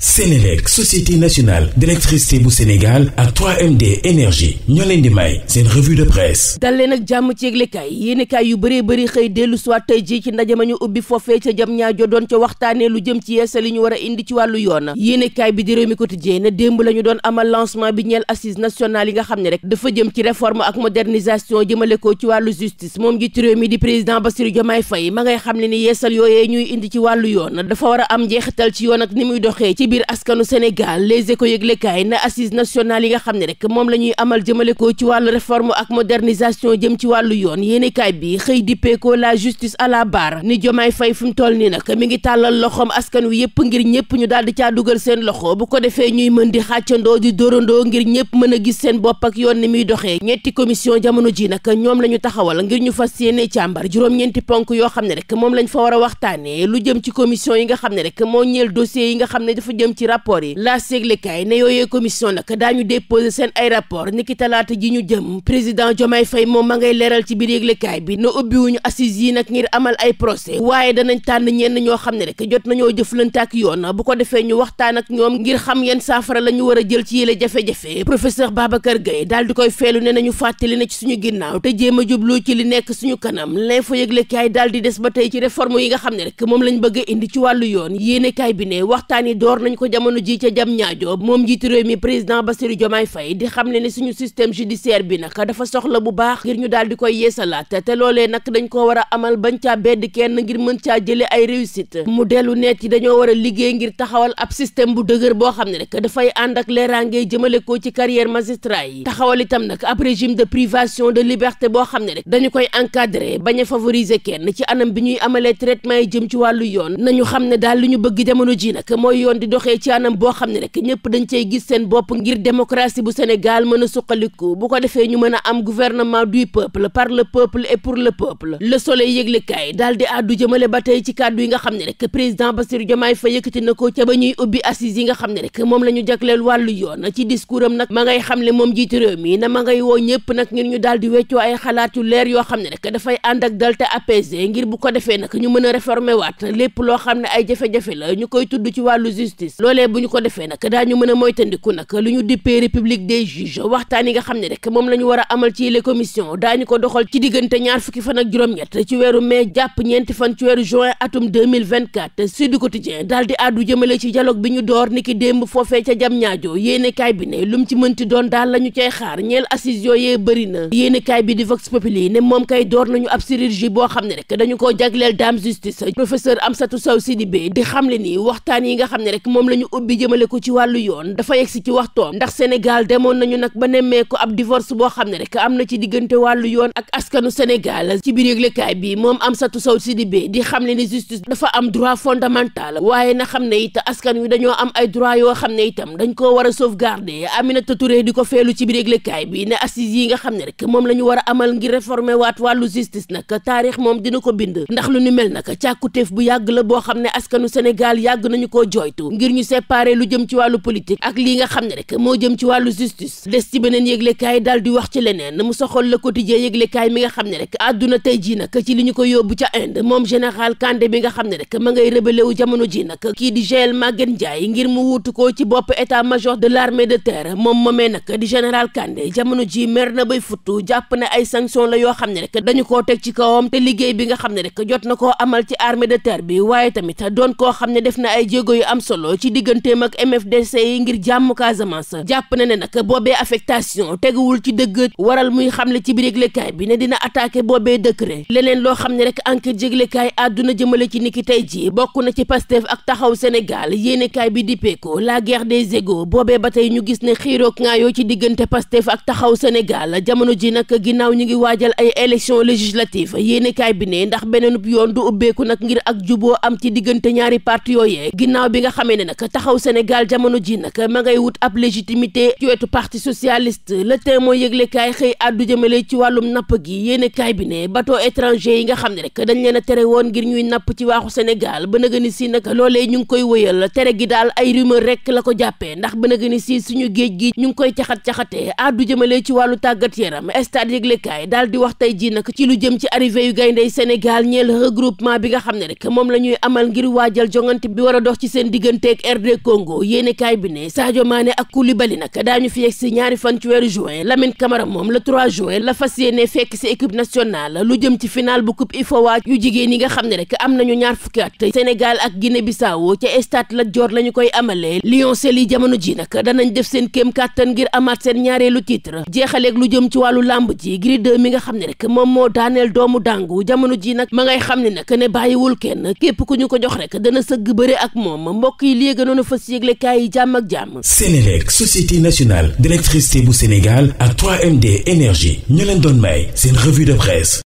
Sénélec société nationale d'électricité bu Sénégal ak md énergie ñoo leen di may seen revue de presse dal leen ak jàmm ci yëglekaay yéenekaay yu bëree bëri xëy dellu soit tey ji ci ndaje ma ñu ubbi foofee ca jam ñaajo doon ca waxtaanee lu jëm ci yeesal yi ñu war a indi ci wàllu yoon yéenekaay bi di Rewmi Quotidien ne démb la ñu doon amal lancement bi ñeel assise national yi nga xam ne rek dafa jëm ci réforme ak modernisation jëmale ko ci wàllu justice moom ji ci réew mi di président Bassirou Diomaye Faye ma ngay xam ne ni yeesal yooyee ñuy indi ci wàllu yoon dafa war a am njeexital ci yoon ak ni muy doxee ci ci biir askanu Sénégal les éco yëglekaay na assise nationale yi nga xam ne rek moom la amal jëmale ci wàllu réforme ak modernisation jëm ci wàllu yoon yéenekaay bi xëy dippeekoo la justice à la barre ni Jomaay Fay fu mu toll nii nag mi ngi tàllal loxoom askan wi yëpp ngir ñëpp ñu daal di caa dugal seen loxo bu ko defee ñuy mën di xàccandoo di dóorandoo ngir ñëpp mën a gis seen bopp ak yoon ni muy doxee ñetti commission jamono ji nag ñoom la ñu taxawal ngir ñu fas yéene càmbar juróom-ñeenti ponk yoo xam ne rek moom lañ fa yi nga jëm ci rapport yi laa séglekaay ne yooyee commission nag ñu déposer seen ay rapport niki talaata ji ñu jëm président Diomaye fay moom ma ngay leeral ci biir yëglekaay bi ne ubbiwuñu assises yi nag ngir amal ay procès waaye danañ tànn ñenn ñoo xam ne rek jot nañoo jëf jëflante ak yoon bu ko defee ñu waxtaan ak ñoom ngir xam yenn saafara lañu ñu war a jël ci yële jafe-jafe professeur Babacar Gueye daal di koy feelu ne nañu fàttali na ci suñu ginnaaw te jéem a jublu ci li nekk suñu kanam l'info yëglekaay daal di des ba tey ci réforme yi nga xam ne rek lañ bëgg a ci wàllu yoon yéenekaay bi ne waxtaan yi door nañ ko jamono ji ca jam ñaajo moom njiitu réew mi président Bassirou Diomaye Faye di xam ne ne suñu système judiciaire bi nag dafa soxla bu baax ngir ñu daal di koy yeesalaat te loolee nag dañ ko war a amal bañ ngir mën caa a liggéey ngir taxawal ab système bu dëgër boo xam ne rek dafay ànd ak leeraange jëmale ko ci carrière magistrat yi taxawal itam nag ab régime de privation de liberté boo xam ne rek dañu koy encadrer bañ a favoriser kenn ci anam bi ñuy amalee traitement ci wàllu yoon nañu xam ne daal li ñu bëgg jamono yoon di doxee ci anam boo xam ne rek ñëpp dañ cey gis seen bopp ngir démocratie bu Sénégal mën a suqaliku bu ko defee ñu mën a am gouvernement du peuple par le peuple et pour le peuple le soleil yëglekaay daal di àddu jëmale ba tey ci kàddu yi nga xam ne rek président Bassirou Diomaye Faye yëkkati na ko ca ba ñuy ubbi assises yi nga xam ne rek moom la ñu jagleel wàllu yoon ci discours am nag ma ngay xam ne moom jiitu réew mi na ma ngay woo ñëpp nag ngir ñu daal di weccoo ay xalaat yu leer yoo xam ne rek dafay ànd ak dal te ngir bu ko defee nag ñu mën a réformer waat lépp loo xam ne ay jafe la ñu koy ci wàllu justice justice loolee bu ñu ko defee nag daañu mën a moytandiku nag lu ñu dippee république des juges waxtaan yi nga xam ne rek moom la war a amal ci les commission daañu ko doxal ci diggante ñaar fukki fan ak juróom-ñett ci weeru mai jàpp ñeenti fan ci weeru juin atum 2024 Sud Quotidien daal di àddu jëmale ci dialogue bi ñu door niki démb foofee ca jam ñaajo yéenekaay bi ne lu ci mënti doon daal la ñu cay xaar ñeel assises yooyee bëri yéenekaay bi di Vox Populi xam ne rek dañu koo jagleel dame justice yi moom la ñu ubbi jëmale ko ci wàllu yoon dafa yegsi ci waxtoom ndax Sénégal demoon nañu nag ba nemmee ko ab divorce boo xam ne rek am na ci diggante wàllu yoon ak askanu ci biir yëglekaay bi moom Amsatou Sow Sidibé di xam ne ni dafa am droit fondamental waaye na xam ne it askan wi dañoo am ay droit yoo xam ne itam dañ koo war a sauvegarder Aminata Touré di ko feelu ci biir yëglekaay bi ne assises yi nga xam ne rek moom la ñu war a amal ngir réformer waat wàllu justice nag taarix moom dina ko bind ndax lu ni mel nag càkkutéef bu yàgg la boo xam ne askanu Sénégal yàgg nañu koo jooytu ngir ñu séparer lu jëm ci wàllu politique ak lii nga xam ne rek moo jëm ci wàllu justice des ci beneen yëglekaay daal di wax ci leneen mu soxol la quotidien yëglekaay mi nga xam ne rek àdduna tey ji nag ci li ñu ko yóbbu ca Inde moom général Kandé bi nga xam ne rek ma ngay rébélé wu jamono ji nag kii di Gaël Maguette Ndiaye ngir mu wutu ko ci bopp état major de l'armée de terre moom moomee nag di général Kandé jamono ji mer na bay futtu jàpp ne ay sanctions la yoo xam ne rek dañu koo teg ci kawam te liggéey bi nga xam ne rek jot na koo amal ci armée de bi waaye tamit doon koo xam na ay jéego yu am solo jàmmarloo ci digganteem ak MFDC yi ngir jàmm Casamance jàpp na ne nag boobee affectation teguwul ci dëgg waral muy xamle ci biir yëglekaay bi ne dina attaqué boobee décret leneen loo xam ne rek enquête yëglekaay àdduna jëmale ci niki tey jii bokk na ci Pastef ak taxaw Sénégal yéenekaay bi dippeeko la guerre des égos boobee ba tey ñu gis ne xiiroog ngaayoo ci diggante Pastef ak taxaw Sénégal jamono ji nag ginnaaw ñu ngi waajal ay élection législative yéenekaay bi ne ndax beneenub yoon du ubbeeku nag ngir ak juboo am ci diggante ñaari parti yooyee ne nag taxaw Sénégal jamono ji nag ma ngay wut ab légitimité ci wetu parti socialist le temps mooy yëglekaay xëy àddu jëmale ci wàllum napp gi yéenekaay bi ne bateau étranger yi nga xam ne rek dañ leen a tere woon ngir ñuy napp ci waaxu Sénégal ba naga ni si nag loolee ñu ngi koy wëyal tere gi daal ay rumeur rek la ko jàppee ndax ba naga ni si suñu géej gi ñu ngi koy caxat-caxatee àddu jëmale ci wàllu tàggat yaram stade yëglekaay daal di wax tey ji nag ci lu jëm ci arrivé yu Sénégal ñeel regroupement bi nga xam ne rek moom la ñuy amal ngir waajal jongante bi war a dox ci seen diggante digganteeg RD Congo yéeni kaay bi ne Sadio Mané ak Koulibaly nag daañu fi yegg si ñaari fan ci weeru juin Lamine Camara moom la 3 juin la fas yéene fekk si équipe nationale lu jëm ci final bu coupe IFOA yu jigéen yi nga xam ne rek am nañu ñaar fukki at Sénégal ak Guinée Bissau ca stade Lat Dior la ñu koy amalee Lions yi jamono ji nag danañ def seen kéem kàttan ngir amaat seen ñaareelu titre jeexaleek lu jëm ci wàllu làmb ji Gris 2 mi nga xam ne rek moom moo daaneel doomu dàngu jamono ji nag ma ngay xam ne nag ne bàyyiwul kenn képp ku ñu ko jox rek dana sëgg ak li gënoon a fës yëglekaay yi jàmm ak jàmm Sénélec société national d'électricité bu Sénégal ak 3MD énergie ñu leen doon may seen revue de presse